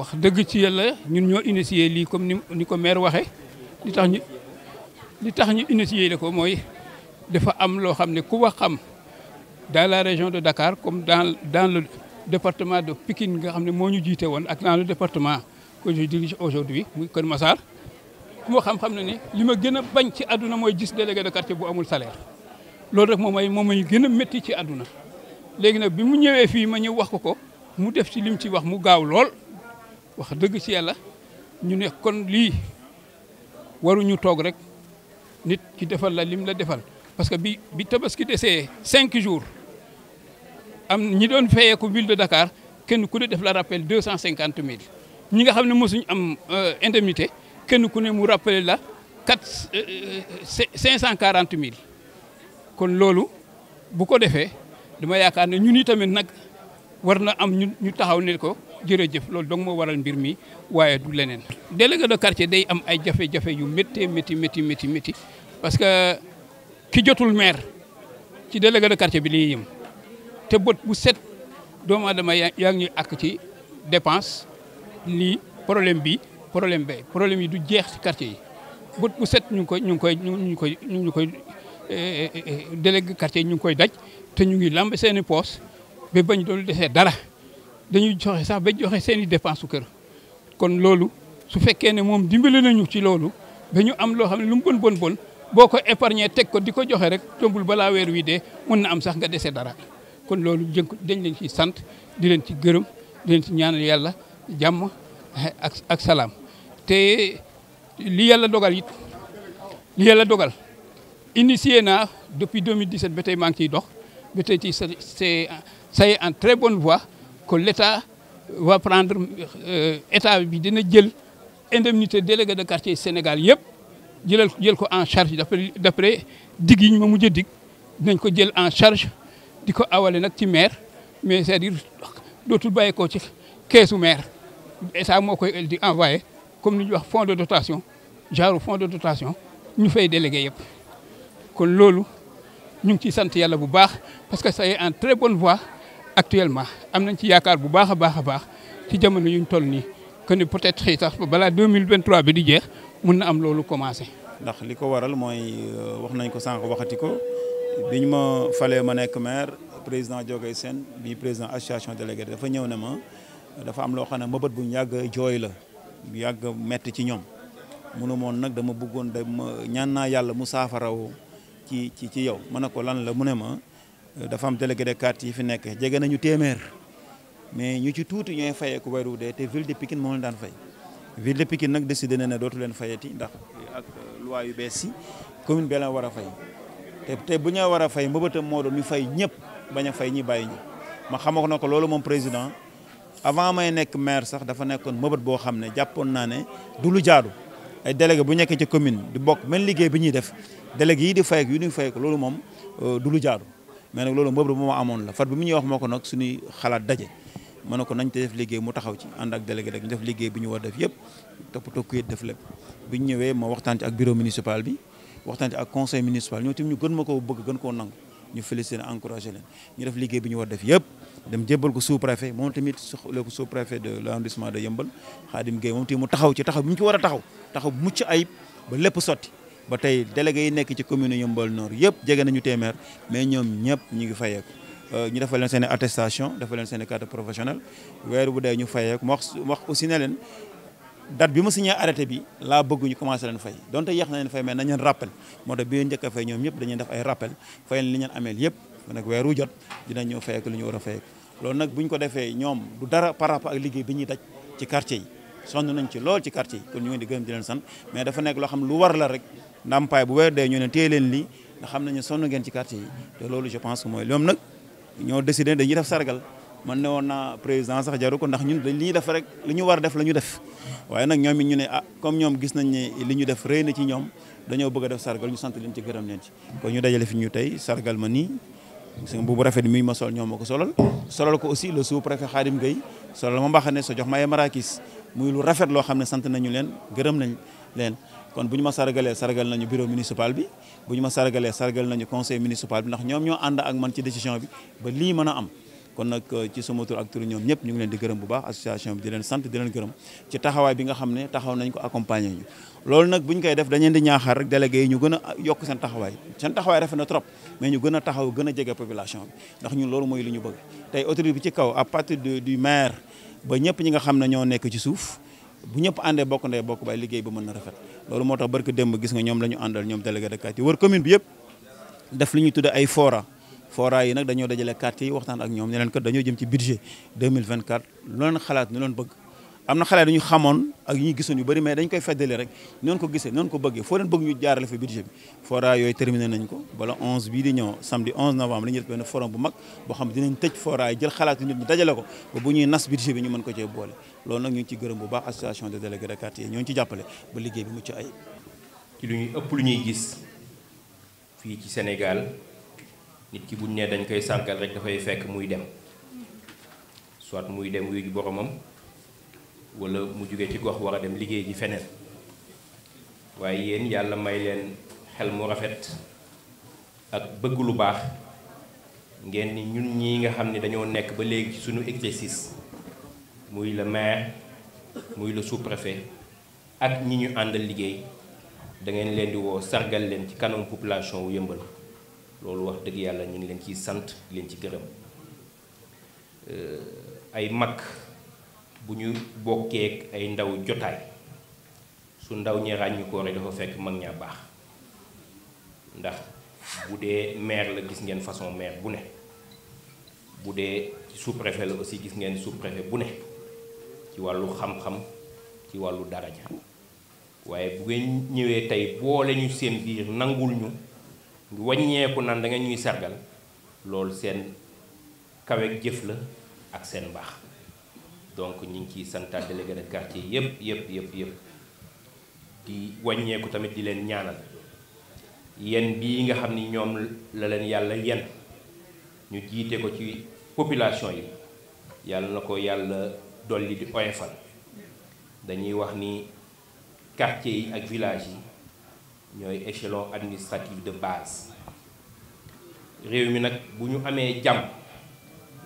wax dëgg ci yàlla ñun ñoo initié li comme ni ko maire waxee li tax ñu li tax ñu initié la ko mooy dafa am loo xam ne ku wax xam dans la région de Dakar comme dans dans le département de Pikine nga xam ne moo ñu jiite woon ak dans le département que je dirige aujourd'hui muy Kër Massar ku ma xam-xam ne ni li ma gën a bañ ci aduna mooy gis délégué de quartier bu amul saleer loolu rek moom mooy moom ñu gën a métti ci àdduna léegi nag bi mu ñëwee fii ma ñëw wax ko ko mu def ci wax mu gaaw wax dëgg si yàlla ñu ne kon lii waruñu toog rek nit ki defal la lim la defal parce que bi bi tabaski desee cinq jours am ñi doon fayeeku ville de Dakar kenn ku ne def la rappel deux cent cinquante mille ñi nga xam ne mosuñ am euh, indemnité kenn ku ne mu rappelé la quatre euh, euh, cinq cent quarante mille kon loolu bu ko defee dama yaakaar ne ñun tamit nag war na am ñu taxaw ne ko jërëjëf loolu dong moo waral mbir mi waaye du leneen. délégué de quartier day am ay jafe-jafe yu méttee métti métti métti métti parce que ki jotul maire ci délégué de quartier bi li ñuy te bët bu set doomu aadama yaa ngi ñuy àkk ci dépense lii problème bi problème bay problème yi du jeex ci quartier yi bët bu set ñu ngi koy ñu ngi koy ñu ngi koy ñu ngi koy eh, eh, eh, délégué quartier yi ñu ngi koy daj te ñu ngi lamb seeni poos ba bañ doon desee dara. dañuy joxe sax ba joxe seen i dépense su kër kon loolu su fekkee ne moom dimbali nañu ci loolu ba am loo xam ne lu mu bon bon bon boo ko épargner teg ko di ko joxe rek tombul balaa weer wii dee mun na am sax nga dese dara kon loolu jën dañ leen ci sant di leen ci gërëm di leen ci ñaanal yàlla jàmm ak salaam te li yàlla dogal it li yàlla dogal initié naa depuis 2017 ba tey maa ngi ciy dox ba tey ci c'est c'est en très bonne voie que l'État va prendre euh, état bi dina jël indemnité délégué de quartier Sénégal yëpp jëlal jël ko en charge d'après d'après dig ñu ma mujj a dig dinañ ko jël en charge di ko awale nag ci maire mais c'est-à-dire dootul bàyyi ko ci keesu maire état moo koy di envoyé comme ni ñuy wax fonds de dotation genre fonds de dotation ñu fay délégué yëpp kon loolu ñu ngi ciy sant yàlla bu baax parce que ça en très bonne voie actuellement am nañ ci yaakaar bu baax a baax a baax ci jamono yuñ toll nii que ni peut-être xëy sax balaa 2023 bi di jeex mun na am loolu commencé. ndax li ko waral mooy euh, wax nañ ko sànq waxati ko bi ñu ma falee ma nekk maire président Diogay seen bi président association délégué dafa ñëw ne ma dafa am loo xam ne bët bu ñu yàgg jooy la yàgg metti ci ñoom munu moon nag dama buggoon dama ñaan naa yàlla mu saafarawo ci ci ci yow ma ko lan la mu ne ma. dafa am délégué de quartier yi fi nekk jege nañu téeméer mais ñu ci tuuti ñooy fayeeku weer wu dee te ville de Pikine moo leen daan fay ville de Pikine nag décidé na ne dootu leen fayati ndax ak loi yu bees yi commune bi la war a fay te bu ñu war a fay mbëbëtam moo doon ñu fay ñëpp bañ a fay ñi bàyyi ñi ma xamoo na ko loolu moom président avant may nekk maire sax dafa nekkoon mëbët boo xam ne jàppoon naa ne du lu jaadu ay bu nekkee ci commune di bokk même liggéey bi ñuy def délégué yi di yu ñuy fay ko loolu moom euh, du lu jaadu. mais nag loolu mbëbër bu amoon la fat bi mu ñuy wax moo ko nag suñuy xalaat daje ma ne ko nañ te def liggéey mu taxaw ci ànd ak délégué ñu def liggéey bi ñu war def yëpp toppatoo kuyit def lépp bi ñu ñëwee ma waxtaan ci ak bureau municipal bi waxtaan ci ak conseil municipal ñoo tim ma ko bëgg gën koo nangu ñu félicité encouragé leen ñu def liggéey bi ñu war def yëpp dem jébbal ko sous préfet moom tamit soxla sous préfet de l' arrondissement de Yëmbal Khadim Gueye moom tamit mu taxaw ci taxaw bi mu ci war a taxaw taxaw mucc ayib ba lépp sotti ba tey délégué yi nekk ci commune Yeumbeul Nord yëpp jege nañu téeméer mais ñoom ñëpp ñu ngi fayeeku euh, ñu defal leen seen attestation defal leen seen carte professionnelle weer bu dee ñu fayeeku ma wax aussi ne leen date bi ma signé arrêté bi laa bëgg ñu commencé leen fay donte yéex na leen fay mais nañ leen rappel moo tax bi ngeen fay ñoom ñëpp dañuy def ay rappel fay leen li ngeen ameel yëpp nag weer wu jot dinañ ñëw fayeeku li ñu war a fayeeku loolu nag bu ñu ko defee ñoom du dara par rapport liggéey bi ñuy daj ci quartier yi sonn nañ ci lool ci quartier yi kon ñu ngi di nekk loo xam lu war la rek ndàmpaay bu weer dee ñu ne téye leen lii nga xam ne ñu sonn ngeen ci quartier yi te loolu je pense que mooy ñoom nag ñoo décidé dañuy def sargal man ne woon naa président sax jaru ko ndax ñun li ñuy def rek ñu war a def la ñu def waaye nag ñoom it ñu ne ah comme ñoom gis nañ ne li ñu def rëy na ci ñoom dañoo bëgg def sargal ñu sant leen ci gërëm leen ci kon ñu dajale fi ñu tey sargal ma ni gis nga bu rafet mi ma sol ñoom ma ko solal solal ko aussi le sous-préfet Khadim Gueye solal ma mbaxane jox ma ay marakis muy lu rafet loo xam ne sant nañu leen gërëm nañ leen kon bu ñu ma sargalee sargal nañu bureau municipal bi bu ñu ma sargalee sargal nañu conseil municipal bi ndax ñoom ñoo ànd ak man ci décision bi ba lii mën a am kon nag euh, ci sama tur ak turu ñoom ñëpp ñu ngi leen di gërëm bu baax association bi di leen sant di leen gërëm ci taxawaay xam ne taxaw nañ ko accompagner ñu loolu nag bu koy def dañ leen di ñaaxaar rek délégué ñu gën a ah, yokk seen taxawaay seen taxawaay rafet na trop ñu gën a taxaw gën a jege population bi ndax ñu loolu mooy lu ñu bëgg tey autorité bi ci kaw à partir du maire ba ñëpp ñi nga xam ne ñoo nekk ci suuf bu ñëpp àndee bokk ndey bokk ba liggéey bi mën na rafet loolu moo tax barke démb gis nga ñoom la ñu àndal ñoom délégué de quartier wër commune bi yëpp def li ñuy tudde ay fora foora yi nag dañoo dajale quartier yi waxtaan ak ñoom ne leen kat dañoo jëm ci budget 2024 lu leen xalaat nu leen bëgg am na xale dañu xamoon ak ñu gisoon yu bëri mais dañ koy feddali rek noonu ko gisee noonu ko bëggee foo leen bëgg ñu jaarale fi budget bi fora yooyu terminé nañ ko bala 11 bii di ñëw samedi 11 novembre dañuy def benn forum bu mag boo xam dinañ tëj fora yi jël xalaat nit ñi dajale ko ba bu ñuy nas budget bi ñu mën ko cee boole loolu nag ñu ngi ci gërëm bu baax association des délégués de quartier ñoo ngi ci jàppale ba liggéey bi mucc ci lu ñuy ëpp lu ñuy gis fii ci Sénégal nit ki buñ ne dañ koy sànkal rek dafay fekk muy dem soit muy dem wuy boromam wala mu jóge ci gox war a dem liggéey ji feneen waaye yéen yàlla may leen xel mu rafet ak bëgg lu baax ngeen ni ñun ñi nga xam ne dañoo nekk ba léegi suñu exercice muy la maire muy la sous-préfet ak ñi ñu àndal liggéey dangeen leen di woo sargal leen ci kanam population wu yëmbal loolu wax dëgg yàlla ñu ngi leen ciy sant leen ci gërëm euh, ay mag bu ñu bokkee ay ndaw jotaay su ndaw ñi ràññu ko dafa fekk mag ñaa baax ndax bu dee maire la gis ngeen façon maire bu ne bu dee sous-préfet la aussi gis ngeen sous bu ne ci wàllu xam-xam ci wàllu daraja waaye bu ñëwee tey boole ñu seen biir nangul ñu wàññeeku naan da nga ñuy sargal loolu seen kawe jëf la ak seen baax donc ñu ngi ciy santaat délégué de quartier yëpp yëpp yëpp yëpp di wàññeeku tamit di leen ñaanal yen bii nga xam ni ñoom la leen yàlla yen ñu jiite ko ci population yi yàlla na ko yàlla dolli di oyofal dañuy wax ni quartier yi ak village yi ñooy échelon administratif de base réew mi nag bu ñu amee jàmm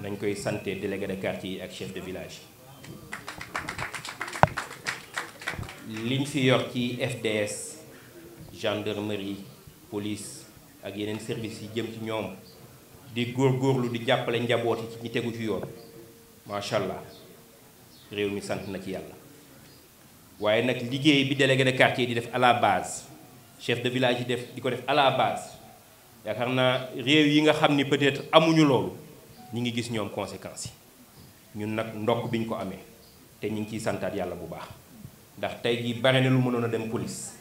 nañ koy santé délégué de quartier yi ak chef de village liñ fi yor ci FDS gendarmerie police ak yeneen service yi jëm ci ñoom di góor góorlu di jàppale njaboot yi ci ñi tegu ci yoon macha allah réew mi sant na ci yàlla waaye nag liggéey bi délégué de quartier di def à la base chef de village yi def di ko def à la base yaakaar naa réew yi nga xam ni peut-être amuñu loolu ñu ngi gis ñoom conséquences yi ñun nag ndokk bi ñu ko amee te ñu ngi ciy santaat yàlla bu baax ndax tey jii bare na lu mënoon a dem police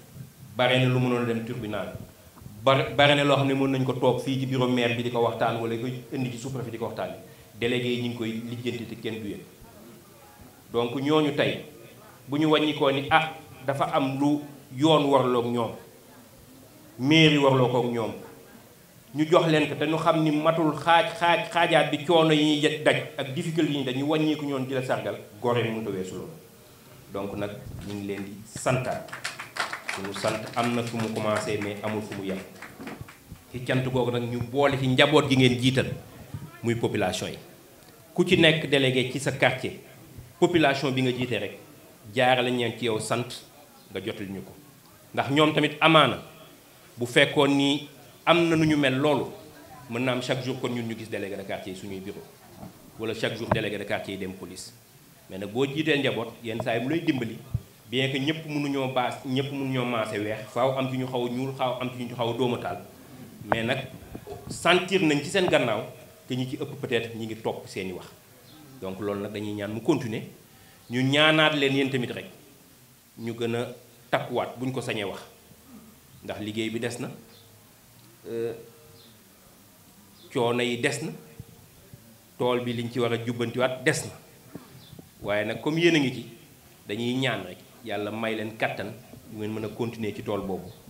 bare na lu mënoon a dem tribunal bare na loo xam ne mën nañ ko toog fii ci bureau maire bi di ko waxtaan wala ko indi ci sous-préfet di ko waxtaan délégué yi ñu ngi koy lijjanti te kenn du yéen donc ñooñu tey bu ñu wàññikoo ni ah dafa am lu yoon warloog ñoom mairie warloo koog ñoom ñu jox leen ko te ñu xam ni matul xaaj xaaj xaajaat bi coono yi ñuy daj ak difficulté yi ñuy daj ñu wàññeeku ñoon di la sargal gore mënut donc nag ñu ngi leen di santaat suñu sant am na fu mu commencé mais amul fu mu yem ci cant googu nag ñu boole ci njaboot gi ngeen jiital muy population yi ku ci nekk délégué ci sa quartier population bi nga jiite rek lañ ñeen ci yow sant nga jotal ñu ko ndax ñoom tamit amaana bu fekkoon nii am na nu ñu mel loolu mën na am chaque jour kon ñun ñu gis délégué de quartier yi suñuy bureau wala chaque jour délégué de quartier yi dem police mais nag boo jiitee njaboot yenn saa yi mu lay dimbali bien que ñëpp mënuñoo baas ñëpp mënuñoo maase weex faaw am ci ñu xaw a ñuul xaw am ci ñu xaw a dóomataal mais nag sentir nañ ci seen gannaaw que ñi ci ëpp peut-être ñi ngi topp seen i wax donc loolu nag dañuy ñaan mu continuer ñu ñaanaat leen yéen tamit rek ñu gën a takkuwaat buñ ko sañee wax ndax liggéey bi des na euh, coono yi des na tool bi liñ ci war a jubbantiwaat des na waaye nag comme yéen a ngi ci dañuy ñaan rek yàlla may leen kattan ngeen mën a continuer ci tool boobu